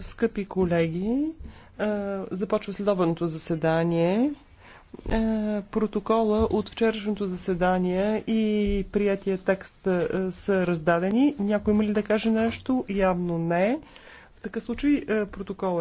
Скъпи колеги, започва следобното заседание. Протокола от вчерашното заседание и приятия текст са раздадени. Някой има ли да каже нещо? Явно не. В такъв случай протокола